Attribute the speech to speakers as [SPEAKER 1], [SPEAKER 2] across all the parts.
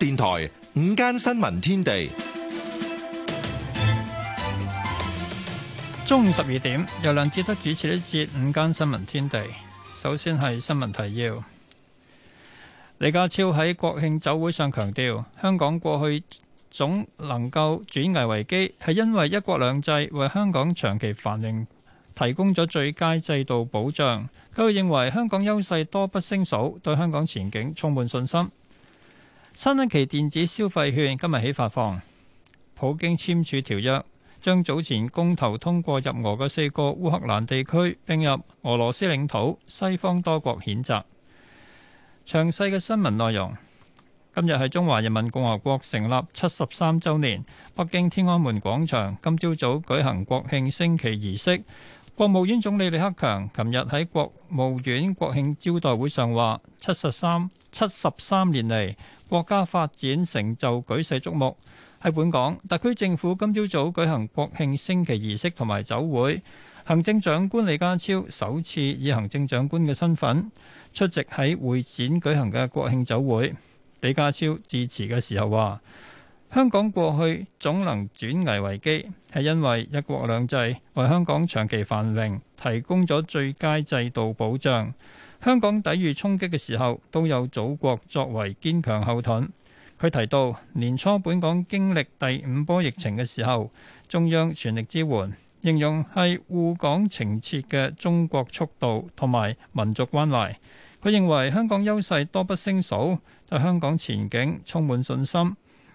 [SPEAKER 1] 電台午間新聞天
[SPEAKER 2] 地，中午十二點由梁志德主持一節午間新聞天地。首先係新聞提要。李家超喺國慶酒會上強調，香港過去總能夠轉危為機，係因為一國兩制為香港長期繁榮提供咗最佳制度保障。佢認為香港優勢多不勝數，對香港前景充滿信心。新一期電子消費券今日起發放。普京簽署條約，將早前公投通過入俄嘅四個烏克蘭地區並入俄羅斯領土。西方多國譴責。詳細嘅新聞內容，今日係中華人民共和國成立七十三週年，北京天安門廣場今朝早舉行國慶升旗儀式。國務院總理李克強琴日喺國務院國慶招待會上話：七十三七十三年嚟，國家發展成就舉世矚目。喺本港，特區政府今朝早，早舉行國慶升旗儀式同埋酒會，行政長官李家超首次以行政長官嘅身份出席喺會展舉行嘅國慶酒會。李家超致辭嘅時候話。香港過去總能轉危為機，係因為一國兩制為香港長期繁榮提供咗最佳制度保障。香港抵禦衝擊嘅時候，都有祖國作為堅強後盾。佢提到年初本港經歷第五波疫情嘅時候，中央全力支援，形容係護港情切嘅中國速度同埋民族關懷。佢認為香港優勢多不勝數，對香港前景充滿信心。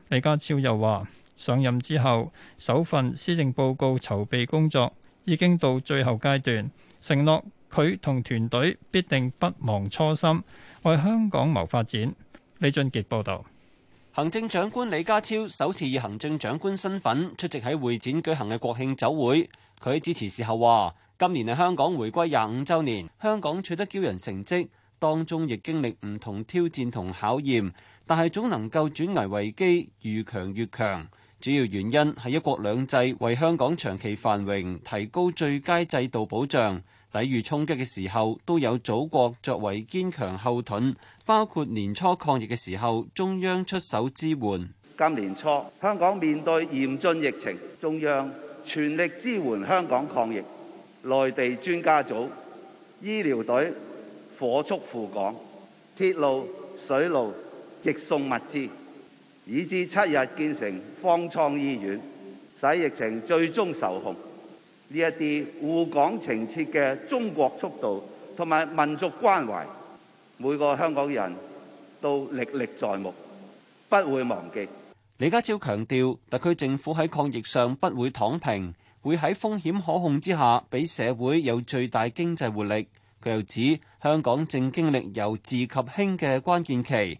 [SPEAKER 2] 李家超又話：上任之後，首份施政報告籌備工作已經到最後階段，承諾佢同團隊必定不忘初心，為香港謀發展。李俊傑報道。
[SPEAKER 3] 行政長官李家超首次以行政長官身份出席喺會展舉行嘅國慶酒會，佢致辭時候話：今年係香港回歸廿五周年，香港取得驕人成績，當中亦經歷唔同挑戰同考驗。但係總能夠轉危為機，愈強愈強。主要原因係一國兩制為香港長期繁榮提高最佳制度保障，抵禦衝擊嘅時候都有祖國作為堅強後盾。包括年初抗疫嘅時候，中央出手支援。
[SPEAKER 1] 今年初香港面對嚴峻疫情，中央全力支援香港抗疫，內地專家組、醫療隊火速赴港，鐵路、水路，直送物資，以至七日建成方艙醫院，使疫情最終受控。呢一啲護港情切嘅中國速度同埋民族關懷，每個香港人都歷歷在目，不會忘記。
[SPEAKER 3] 李家超強調，特區政府喺抗疫上不會躺平，會喺風險可控之下俾社會有最大經濟活力。佢又指，香港正經歷由治及興嘅關鍵期。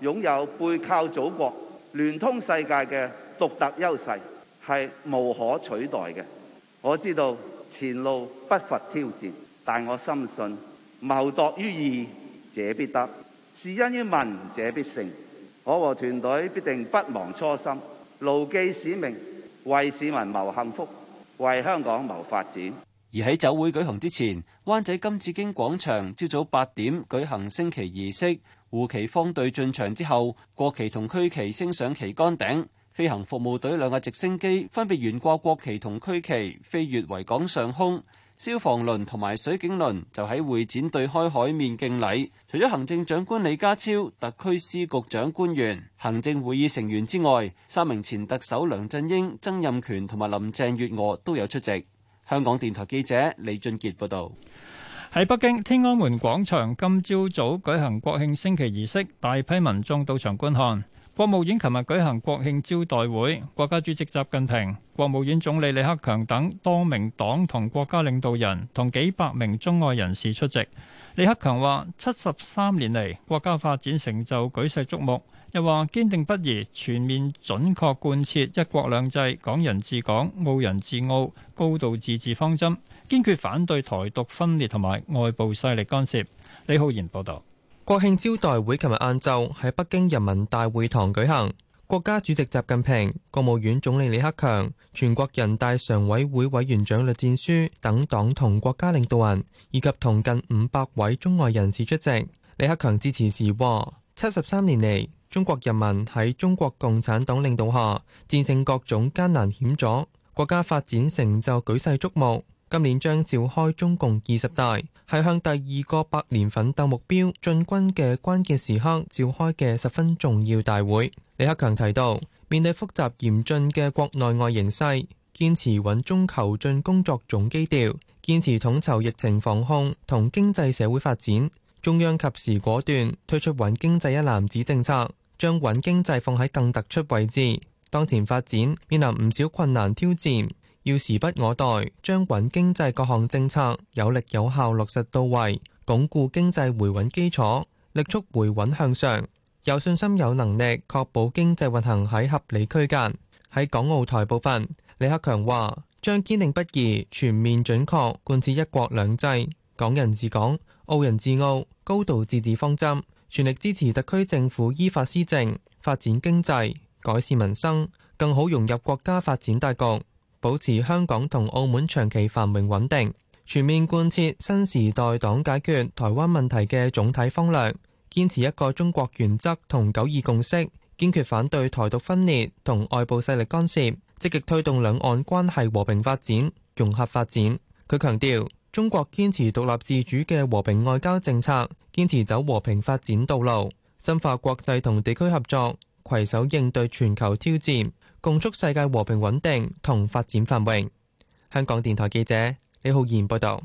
[SPEAKER 1] 擁有背靠祖國、聯通世界嘅獨特優勢，係無可取代嘅。我知道前路不乏挑戰，但我深信謀度於義者必得，事因於民者必成。我和團隊必定不忘初心，牢記使命，為市民謀幸福，為香港謀發展。
[SPEAKER 3] 而喺酒會舉行之前，灣仔金紫荊廣場朝早八點舉行升旗儀式。護旗方隊進場之後，國旗同區旗升上旗杆頂，飛行服務隊兩個直升機分別懸掛國旗同區旗，飛越維港上空。消防輪同埋水警輪就喺會展對開海面敬禮。除咗行政長官李家超、特區司局長官員、行政會議成員之外，三名前特首梁振英、曾蔭
[SPEAKER 2] 權同埋林鄭月娥都有出席。香港電台記者李俊傑報道。喺北京天安門廣場，今朝早舉行國慶升旗儀式，大批民眾到場觀看。國務院琴日舉行國慶招待會，國家主席習近平、國務院總理李克強等多名黨同國家領導人同幾百名中外人士出席。李克強話：七十三年嚟，國家發展成就舉世矚目。又話堅定不移全面準確貫徹一國兩制、港人治港、澳人治澳、高度自治方針，堅決反對台獨分裂同埋外部勢力干涉。李浩然報導。國慶招待會琴日晏晝喺
[SPEAKER 4] 北京人民大會堂舉行，國家主席習近平、國務院總理李克強、全國人大常委會委員長栗戰書等黨同國家領導人以及同近五百位中外人士出席。李克強致辭時話：七十三年嚟，中國人民喺中國共產黨領導下戰勝各種艱難險阻，國家發展成就舉世矚目。今年將召開中共二十大，係向第二個百年奮鬥目標進軍嘅關鍵時刻召開嘅十分重要大會。李克強提到，面對複雜嚴峻嘅國內外形勢，堅持穩中求進工作總基調，堅持統籌疫情防控同經濟社會發展。中央及時果斷推出穩經濟一攬子政策，將穩經濟放喺更突出位置。當前發展面臨唔少困難挑戰，要時不我待，將穩經濟各項政策有力有效落實到位，鞏固經濟回穩基礎，力促回穩向上。有信心、有能力確保經濟運行喺合理區間。喺港澳台部分，李克強話將堅定不移、全面準確貫徹一國兩制、港人治港，澳人治澳、高度自治方針，全力支持特區政府依法施政，發展經濟改善民生，更好融入國家發展大局，保持香港同澳門長期繁榮穩定。全面貫徹新時代黨解決台灣問題嘅總體方略，堅持一個中國原則同九二共識，堅決反對台獨分裂同外部勢力干涉，積極推動兩岸關係和平發展、融合發展。佢強調。中國堅持獨立自主嘅和平外交政策，堅持走和平發展道路，深化國際同地區合作，攜手應對全球挑戰，共促世界和平穩定
[SPEAKER 2] 同發展繁榮。香港電台記者李浩然報道。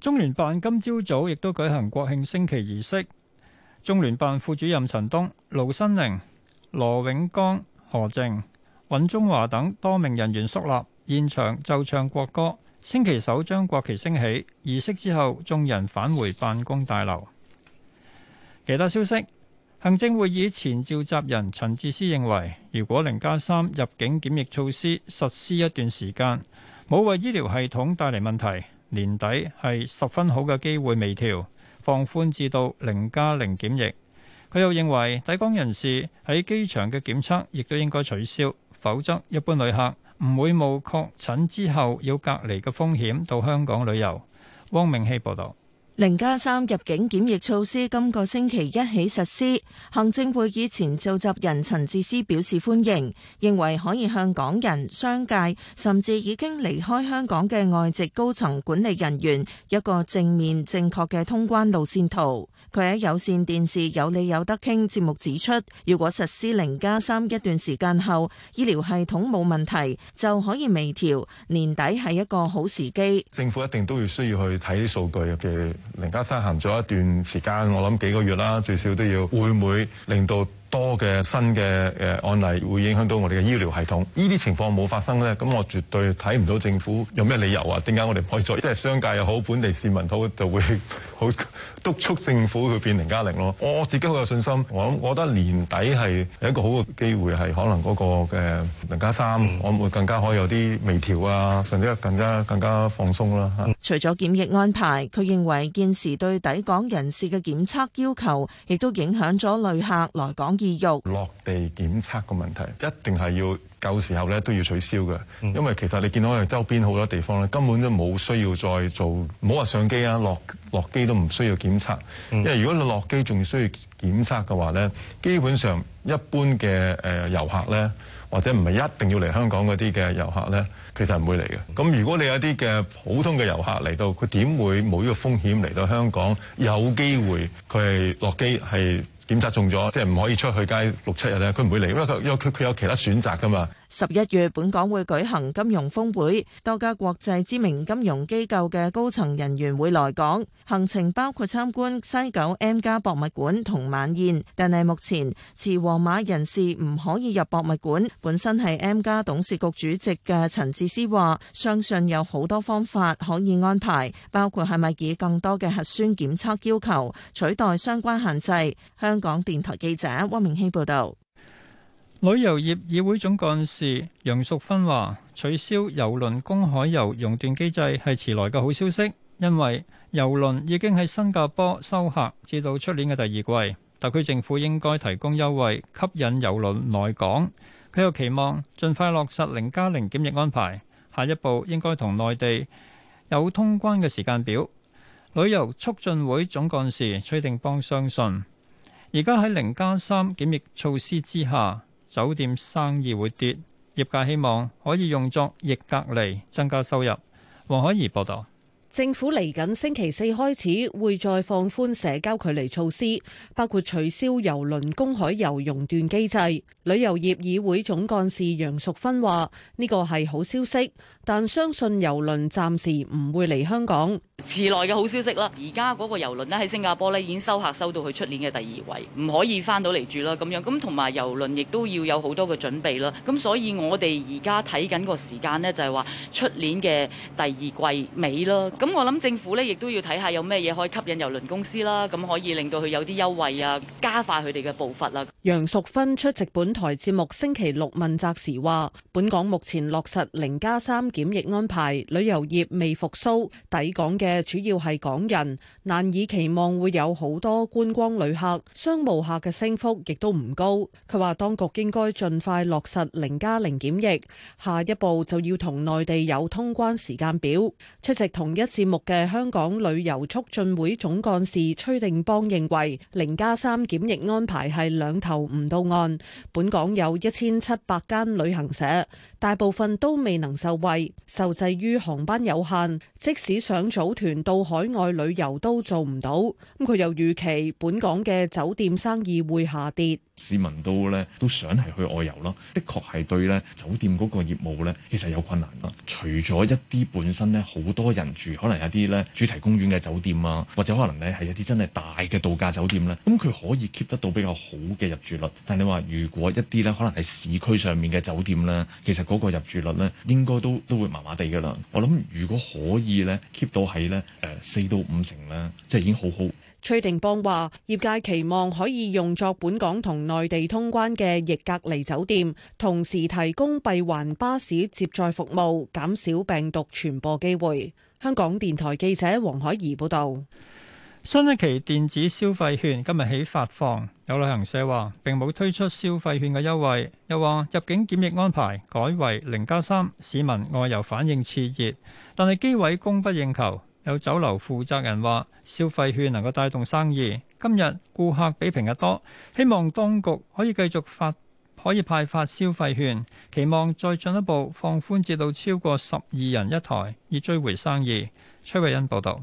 [SPEAKER 2] 中聯辦今朝早亦都舉行國慶升旗儀式，中聯辦副主任陳東、盧新寧、羅永剛、何靖、尹中華等多名人員肅立，現場奏唱國歌。星期首將國旗升起，儀式之後，眾人返回辦公大樓。其他消息，行政會議前召集人陳智思認為，如果零加三入境檢疫措施實施一段時間，冇為醫療系統帶嚟問題，年底係十分好嘅機會微調放寬至到零加零檢疫。佢又認為，抵港人士喺機場嘅檢測亦都應該取消，否則一般旅客。唔會冇確診之後要隔離嘅風險到香港旅遊。汪明希報導。
[SPEAKER 5] 零加三入境檢疫措施今個星期一起實施。行政會議前召集人陳智思表示歡迎，認為可以向港人、商界甚至已經離開香港嘅外籍高層管理人員一個正面、正確嘅通關路線圖。佢喺有線電視《有理有得傾》節目指出，如果實施零加三一段時間後，醫療系統冇問題，就可以微調。年底係一個好時機。
[SPEAKER 6] 政府一定都要需要去睇數據嘅。零加三行咗一段時間，我諗幾個月啦，最少都要。會唔會令到多嘅新嘅誒案例，會影響到我哋嘅醫療系統？呢啲情況冇發生咧，咁我絕對睇唔到政府有咩理由啊，點解我哋唔可以做？即係商界又好，本地市民好，就會好 督促政府去變零加零咯。我自己好有信心，我諗，我覺得年底係有一個好嘅機會，係可能嗰個嘅零加三，嗯、我會更加可以有啲微調啊，甚至更加更加放鬆啦、啊。嗯
[SPEAKER 5] 除咗檢疫安排，佢認為現時對抵港人士嘅檢測要求，亦都影響咗旅客來港意欲。落
[SPEAKER 6] 地檢測個問題一定係要。舊時候咧都要取消嘅，因為其實你見到嘅周邊好多地方咧，根本都冇需要再做，冇話上機啊，落落機都唔需要檢測，因為如果你落機仲需要檢測嘅話咧，基本上一般嘅誒遊客咧，或者唔係一定要嚟香港嗰啲嘅遊客咧，其實唔會嚟嘅。咁如果你有啲嘅普通嘅遊客嚟到，佢點會冇呢個風險嚟到香港？有機會佢落機係？檢測中咗，即係唔可以出去街六七日咧，佢唔會嚟，因為佢因為佢佢有其他選擇噶嘛。
[SPEAKER 5] 十一月本港會舉行金融峰會，多家國際知名金融機構嘅高層人員會來港，行程包括參觀西九 M+ 博物館同晚宴。但係目前持黃碼人士唔可以入博物館。本身係 M+ 董事局主席嘅陳智思話，相信有好多方法可以安排，包括係咪以更多嘅核酸檢測要求取代相關限制。香港電台記者汪明希報道。
[SPEAKER 2] 旅遊業議會總幹事楊淑芬話：取消郵輪公海遊熔斷機制係遲來嘅好消息，因為郵輪已經喺新加坡收客，至到出年嘅第二季，特區政府應該提供優惠吸引郵輪來港。佢又期望盡快落實零加零檢疫安排，下一步應該同內地有通關嘅時間表。旅遊促進會總幹事崔定邦相信，而家喺零加三檢疫措施之下。酒店生意會跌，業界希望可以用作疫隔離增加收入。黃海怡報道，
[SPEAKER 7] 政府嚟緊星期四開始會再放寬社交距離措施，包括取消郵輪公海遊熔斷機制。旅遊業議會總幹事楊淑芬話，呢、這個係好消息，但相信郵輪暫時唔會嚟香港。
[SPEAKER 8] 遲來嘅好消息啦，而家嗰個郵輪呢，喺新加坡呢已經收客收到去出年嘅第二位，唔可以翻到嚟住啦咁樣，咁同埋郵輪亦都要有好多嘅準備啦，咁所以我哋而家睇緊個時間呢，就係話出年嘅第二季尾咯，咁我諗政府呢，亦都要睇下有咩嘢可以吸引郵輪公司啦，咁可以令到佢有啲優惠啊，加快佢哋嘅步伐啦。
[SPEAKER 7] 楊淑芬出席本台節目星期六問責時話，本港目前落實零加三檢疫安排，旅遊業未復甦，抵港嘅。嘅主要係港人，難以期望會有好多觀光旅客、商務客嘅升幅亦都唔高。佢話當局應該盡快落實零加零檢疫，下一步就要同內地有通關時間表。出席同一節目嘅香港旅遊促進會總幹事崔定邦認為，零加三檢疫安排係兩頭唔到岸。本港有一千七百間旅行社，大部分都未能受惠，受制於航班有限，即使想早。團到海外旅遊都做唔到，咁佢又預期本港嘅酒店生意會下
[SPEAKER 6] 跌。市民都咧都想係去外遊咯，的確係對咧酒店嗰個業務咧其實有困難啦。除咗一啲本身咧好多人住，可能有啲咧主題公園嘅酒店啊，或者可能咧係一啲真係大嘅度假酒店咧，咁佢可以 keep 得到比較好嘅入住率。但你話如果一啲咧可能係市區上面嘅酒店咧，其實嗰個入住率咧應該都都會麻麻地㗎喇。我諗如果可以咧 keep 到喺咧誒四到五成咧，即係已經好好。
[SPEAKER 7] 崔定邦話：業界期望可以用作本港同內地通關嘅逆隔離酒店，同時提供閉環巴士接載服務，減少病毒傳播機會。香港電台記者黃海怡
[SPEAKER 2] 報道。新一期電子消費券今日起發放，有旅行社話並冇推出消費券嘅優惠，又話入境檢疫安排改為零加三，3，市民外遊反應熾熱，但係機位供不應求。有酒樓負責人話：消費券能夠帶動生意，今日顧客比平日多，希望當局可以繼續發可以派發消費券，期望再進一步放寬至到超過十二人一台，以追回生意。崔慧欣報導。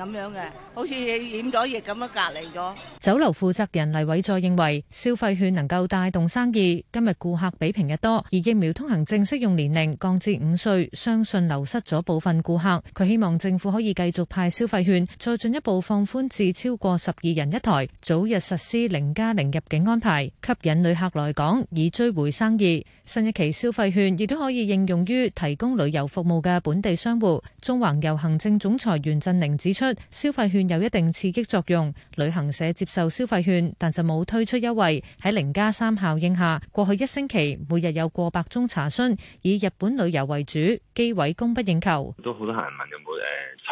[SPEAKER 5] 咁樣嘅。好似染咗疫咁樣隔
[SPEAKER 8] 離咗。酒樓負責人黎偉再認為消費券能夠帶動生意，今日顧客比平日多。而疫苗通行證適用年齡降至五歲，相信流失咗部分顧客。佢希望政府可以繼續派消費券，再進一步放寬至超過十二人一台，早日實施零加零入境安排，吸引旅客來港以追回生意。新一期消費券亦都可以應用於提供旅遊服務嘅本地商戶。中環遊行政總裁袁振寧指出消費券有一定刺激作用，旅行社接受消費券，但就冇推出優惠。喺零加三效應下，過去一星期每日有過百宗查詢，以日本旅遊為主，機位供不應求。
[SPEAKER 1] 都好多客人問有冇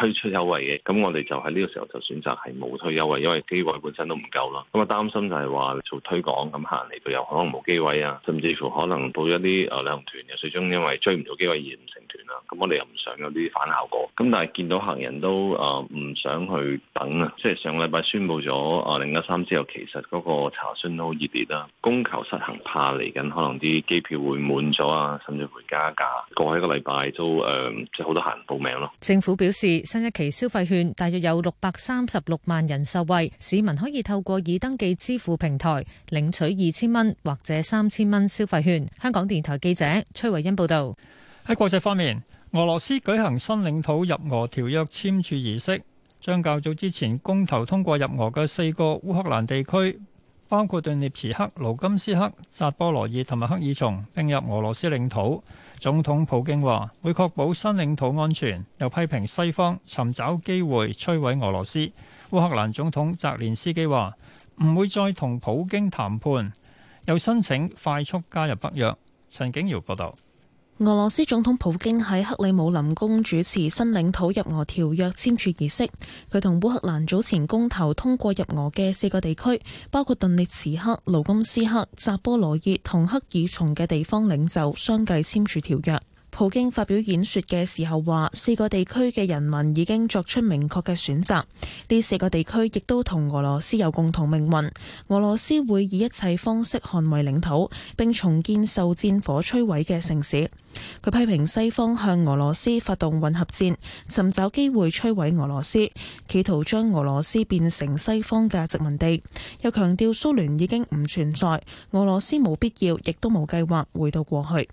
[SPEAKER 1] 誒推出優惠嘅，咁我哋就喺呢個時候就選擇係冇推出優惠，因為機位本身都唔夠啦。咁我擔心就係話做推廣咁客人嚟到又可能冇機位啊，甚至乎可能到一啲誒旅行團嘅，最終因為追唔到機位而唔成團啦。咁我哋又唔想有呢啲反效果。咁但係見到客人都誒唔想去。等啊，即係上個禮拜宣布咗啊，零加三之後其實嗰個查詢都好熱烈啦。供求失衡怕，怕嚟緊可能啲機票會滿咗啊，甚至會加價。過去一個禮拜都誒即係好多客人報名咯。
[SPEAKER 8] 政府表示，新一期消費券大約有六百三十六萬人受惠，市民可以透過已登記支付平台領取二千蚊或者三千蚊消費券。香港電台記者崔慧欣報道。
[SPEAKER 2] 喺國際方面，俄羅斯舉行新領土入俄條約簽署儀式。將較早之前公投通過入俄嘅四個烏克蘭地區，包括頓涅茨克、盧甘斯克、扎波羅爾同埋克爾松，並入俄羅斯領土。總統普京話會確保新領土安全，又批評西方尋找機會摧毀俄羅斯。烏克蘭總統澤連斯基話唔會再同普京談判，又申請快速加入北約。陳景瑤報道。
[SPEAKER 9] 俄羅斯總統普京喺克里姆林宮主持新領土入俄條約簽署儀式。佢同烏克蘭早前公投通過入俄嘅四個地區，包括頓涅茨克、盧甘斯克、扎波羅熱同克爾松嘅地方領袖，相繼簽署條約。普京發表演說嘅時候話，四個地區嘅人民已經作出明確嘅選擇，呢四個地區亦都同俄羅斯有共同命運。俄羅斯會以一切方式捍衛領土，並重建受戰火摧毀嘅城市。佢批評西方向俄羅斯發動混合戰，尋找機會摧毀俄羅斯，企圖將俄羅斯變成西方嘅殖民地。又強調蘇聯已經唔存在，俄羅斯冇必要，亦都冇計劃回到過去。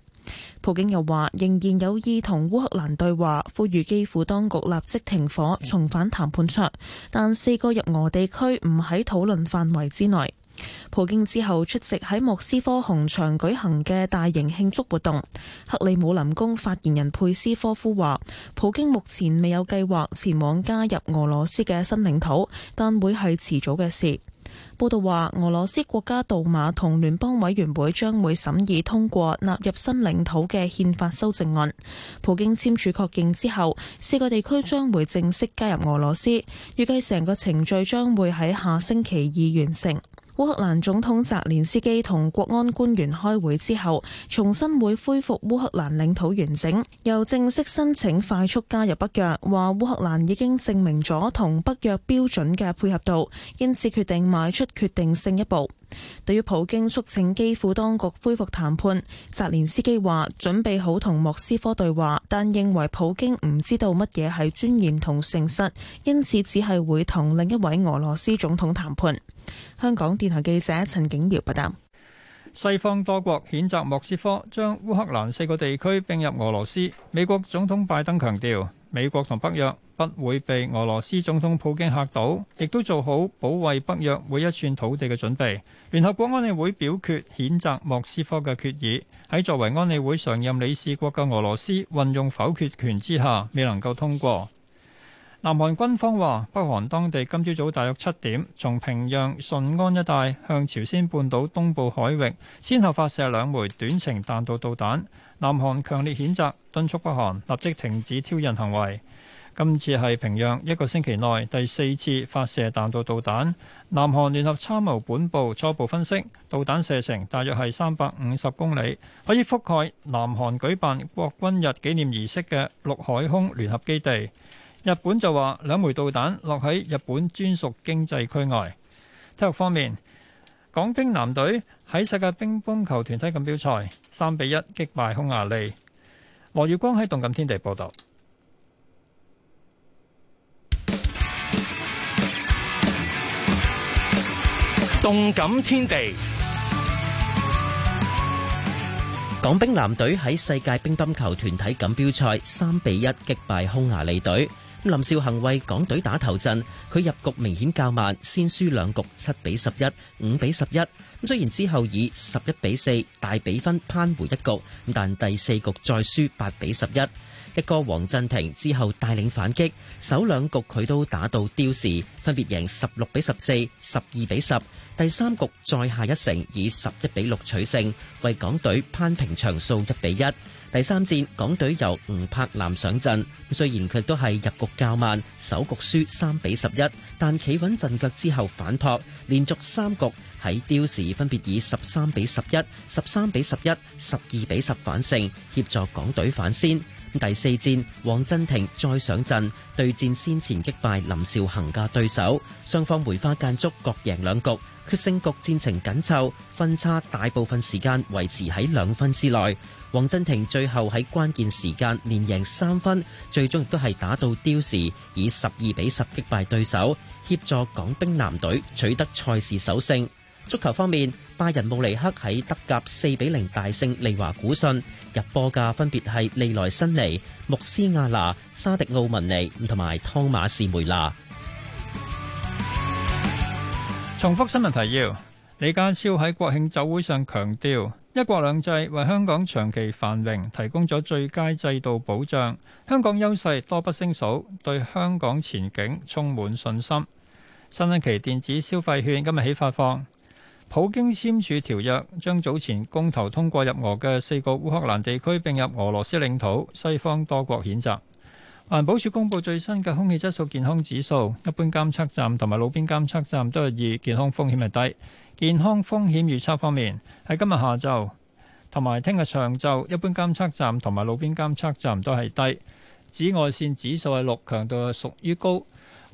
[SPEAKER 9] 普京又話仍然有意同烏克蘭對話，呼籲基輔當局立即停火，重返談判桌。但四個入俄地區唔喺討論範圍之內。普京之後出席喺莫斯科紅場舉行嘅大型慶祝活動。克里姆林宮發言人佩斯科夫話，普京目前未有計劃前往加入俄羅斯嘅新領土，但會係遲早嘅事。報道話，俄羅斯國家杜馬同聯邦委員會將會審議通過納入新領土嘅憲法修正案。普京簽署確認之後，四個地區將會正式加入俄羅斯，預計成個程序將會喺下星期二完成。烏克蘭總統澤連斯基同國安官員開會之後，重新會恢復烏克蘭領土完整，又正式申請快速加入北約。話烏克蘭已經證明咗同北約標準嘅配合度，因此決定邁出決定性一步。對於普京促請基輔當局恢復談判，澤連斯基話準備好同莫斯科對話，但認為普京唔知道乜嘢係尊嚴同誠實，因此只係會同另一位俄羅斯總統談判。香港電台記者陳景堯報道：
[SPEAKER 2] 西方多國譴責莫斯科將烏克蘭四個地區併入俄羅斯。美國總統拜登強調，美國同北約不會被俄羅斯總統普京嚇倒，亦都做好保衛北約每一寸土地嘅準備。聯合國安理會表決譴責莫斯科嘅決議，喺作為安理會常任理事國嘅俄羅斯運用否決權之下，未能夠通過。南韓軍方話：北韓當地今朝早大約七點，從平壤順安一帶向朝鮮半島東部海域，先後發射兩枚短程彈道導彈。南韓強烈譴責，敦促北韓立即停止挑釁行為。今次係平壤一個星期內第四次發射彈道導彈。南韓聯合參謀本部初步分析，導彈射程大約係三百五十公里，可以覆蓋南韓舉辦國軍日紀念儀式嘅陸海空聯合基地。日本就話兩枚導彈落喺日本專屬經濟區外。體育方面，港乒男隊喺世界乒乓球團體錦標賽三比一擊敗匈牙利。羅耀光喺動感天地報道。動感天地，
[SPEAKER 10] 港乒男隊喺世界乒乓球團體錦標賽三比一擊敗匈牙利隊。林兆恒為港隊打頭陣，佢入局明顯較慢，先輸兩局七比十一、五比十一。咁雖然之後以十一比四大比分扳回一局，但第四局再輸八比十一。一哥黃鎮廷之後帶領反擊，首兩局佢都打到刁時，分別贏十六比十四、十二比十。第三局再下一城，以十一比六取勝，為港隊攀平場數一比一。第三戰，港隊由吳柏南上陣，雖然佢都係入局較慢，首局輸三比十一，但企穩陣腳之後反撲，連續三局喺刁時分別以十三比十一、十三比十一、十二比十反勝，協助港隊反先。第四戰，王珍婷再上陣對戰先前擊敗林少恒嘅對手，雙方梅花間竹各贏兩局，決勝局戰情緊湊，分差大部分時間維持喺兩分之內。黃鎮廷最後喺關鍵時間連贏三分，最終亦都係打到刁時，以十二比十擊敗對手，協助港兵男隊取得賽事首勝。足球方面，拜仁慕尼黑喺德甲四比零大勝利華古信，入波嘅分別係利來辛尼、穆斯亞拿、沙迪奧文尼同埋湯馬士梅娜。
[SPEAKER 2] 重複新聞提要。李家超喺國慶酒會上強調，一國兩制為香港長期繁榮提供咗最佳制度保障。香港優勢多不勝數，對香港前景充滿信心。新一期電子消費券今日起發放。普京簽署條約，將早前公投通過入俄嘅四個烏克蘭地區並入俄羅斯領土。西方多國譴責。環保署公布最新嘅空氣質素健康指數，一般監測站同埋路邊監測站都係以健康風險係低。健康風險預測方面，喺今日下晝，同埋聽日上晝，一般監測站同埋路邊監測站都係低。紫外線指數係六，強度屬於高。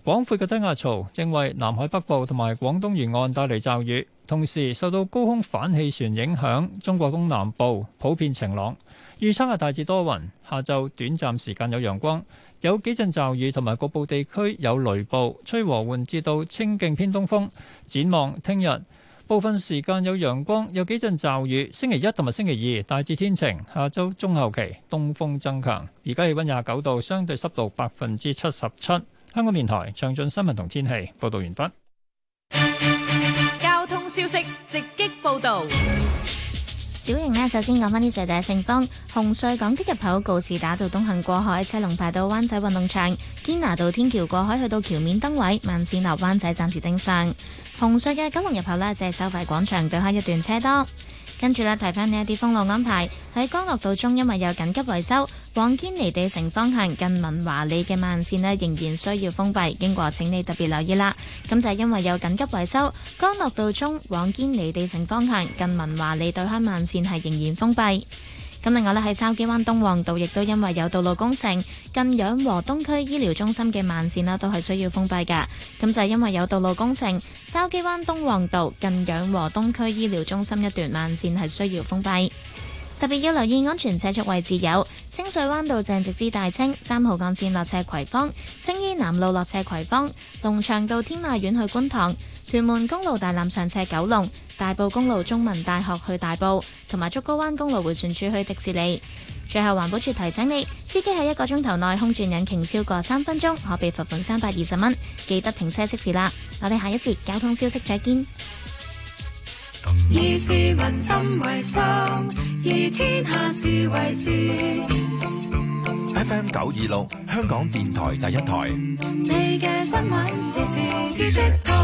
[SPEAKER 2] 廣闊嘅低壓槽正為南海北部同埋廣東沿岸帶嚟驟雨，同時受到高空反氣旋影響，中國東南部普遍晴朗。預測係大致多雲，下晝短暫時間有陽光，有幾陣驟雨同埋局部地區有雷暴，吹和緩至到清勁偏東風，展望聽日，部分時間有陽光，有幾陣驟雨。星期一同埋星期二大致天晴，下周中後期東風增強。而家氣溫廿九度，相對濕度百分之七十七。香港電台詳盡新聞同天氣報道完畢。交通消息直擊報道。
[SPEAKER 11] 小型呢，首先講翻呢處第一，聖方紅隧港的入口告士打道東行過海，車龍排到灣仔運動場堅拿道天橋過海去到橋面燈位，慢線落灣仔暫時正常。紅隧嘅九龍入口呢即係收費廣場對開一段車多。跟住咧，提翻呢一啲封路安排，喺江樂道中，因為有緊急維修，往堅尼地城方向近民華里嘅慢線呢，仍然需要封閉，經過請你特別留意啦。咁就係因為有緊急維修，江樂道中往堅尼地城方向近民華里對開慢線係仍然封閉。咁另外咧，喺筲箕灣東旺道，亦都因為有道路工程，近養和東區醫療中心嘅慢線咧，都係需要封閉噶。咁就係、是、因為有道路工程，筲箕灣東旺道近養和東區醫療中心一段慢線係需要封閉。特別要留意安全車速位置有清水灣道正直至大清三號幹線落斜葵芳，青衣南路落斜葵芳，龍翔道天馬苑去觀塘。屯門公路大欖上斜九龍、大埔公路中文大學去大埔，同埋竹篙灣公路回旋處去迪士尼。最後環保署提醒你，司機喺一個鐘頭內空轉引擎超過三分鐘，可被罰款三百二十蚊。記得停車熄匙啦！我哋下一節交通消息再見。
[SPEAKER 8] 以市民心為心，以天下事
[SPEAKER 10] 為事。FM 九二六，香港電台第一台。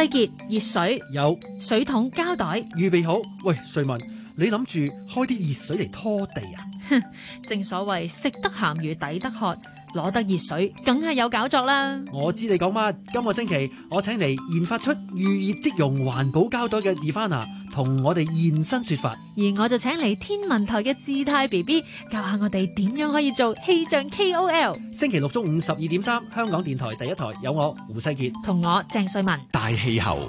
[SPEAKER 10] 西傑熱水有水桶膠袋預備好。喂，瑞文，你諗住開啲熱水嚟拖地啊？ 正所謂
[SPEAKER 8] 食得鹹魚抵得渴，攞得熱水，梗係有搞作啦。
[SPEAKER 10] 我知你講乜，今個星期我請嚟研發出遇熱即溶環保膠袋嘅 Evana，同我哋現身說法。
[SPEAKER 8] 而我就請嚟天文台嘅志泰 B B 教下我哋點樣可
[SPEAKER 10] 以做氣象 K O L。星期六中午十二點三，香港電台第一台有我胡世杰同我鄭瑞文。大氣候。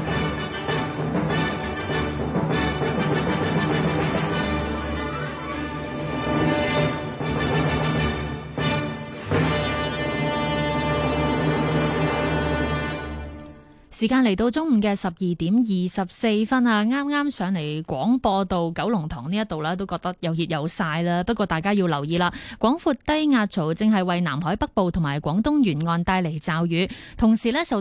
[SPEAKER 8] 時間嚟到中午嘅十二點二十四分啊！啱啱上嚟廣播道九龍塘呢一度啦，都覺得又熱又曬啦。不過大家要留意啦，廣闊低壓槽正係為南海北部同埋廣東沿岸帶嚟驟雨，同時呢。受。